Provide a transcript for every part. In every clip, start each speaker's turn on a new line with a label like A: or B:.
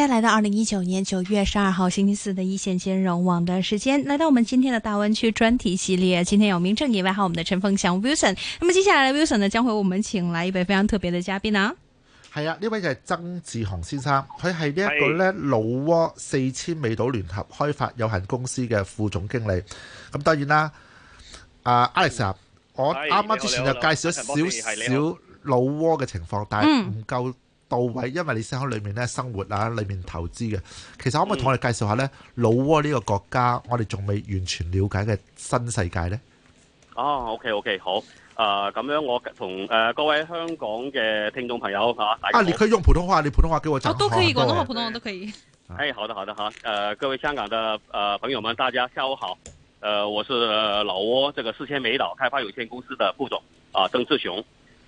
A: 大家來到二零一九年九月十二號星期四的一線金融網的時間，來到我們今天的大灣區專題系列。今天有名正以外號，還有我們的陳鳳祥 Wilson。咁麼接下來 Wilson 呢，將會我們請來一位非常特別的嘉賓啊。
B: 係啊，呢位就係曾智雄先生，佢係呢一個呢老撾四千美島聯合開發有限公司嘅副總經理。咁、嗯、當然啦，呃、Alex 啊 Alex，我啱啱之前就介紹咗少少老撾嘅情況，但係唔夠、嗯。到位，因為你先喺裏面咧生活啊，裏面投資嘅。其實可唔可以同我哋介紹下呢？老撾呢個國家，嗯、我哋仲未完全了解嘅新世界呢？
C: 哦 OK OK，好。誒、呃，咁樣我同誒、呃、各位香港嘅聽眾朋友吓、啊，啊，你可以
B: 用普通話，你普通話叫我
C: 張、哦，都可以，廣東話、
A: 普通話都
C: 可以。誒、哎，好的，好的，好的。誒、呃，各位香港的誒、呃、朋友們，大家下午好。誒、呃，我是、呃、老撾這個四千美島開發有限公司的副總啊，曾、呃、智雄。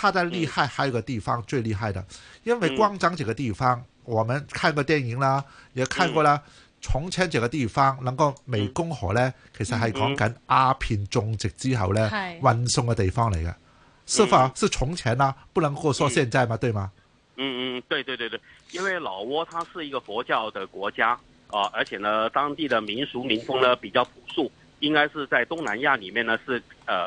B: 他的厲害還有一個地方最厲害的，因為廣江這個地方、嗯，我們看過電影啦，也看過了、嗯。從前這個地方，能夠湄公河呢，嗯嗯、其實係講緊鴉片種植之後呢，嗯、運送嘅地方嚟嘅。所以話，所以從前啦、啊，不能夠說現在嘛，對嗎？嗯
C: 嗯，對對對對，因為老撾它是一個佛教的國家啊、呃，而且呢，當地的民俗民風呢比較朴素，應該是在東南亞裏面呢是呃。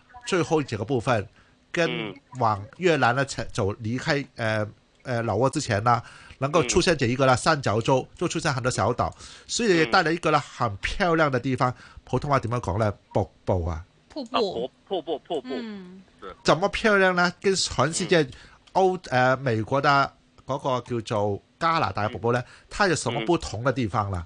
B: 最後幾個部分，跟往越南咧走離開，誒、呃、誒、呃、老撾之前呢，能夠出現這一個、嗯、三角洲，就出現很多小島，所以帶嚟一個呢很漂亮的地方。普通話點樣講呢？瀑布啊，啊，
C: 瀑布瀑布瀑布，嗯，
B: 咁麼漂亮呢？跟全世界歐誒、呃、美國嘅嗰個叫做加拿大瀑布呢，它有什麼不同的地方啦？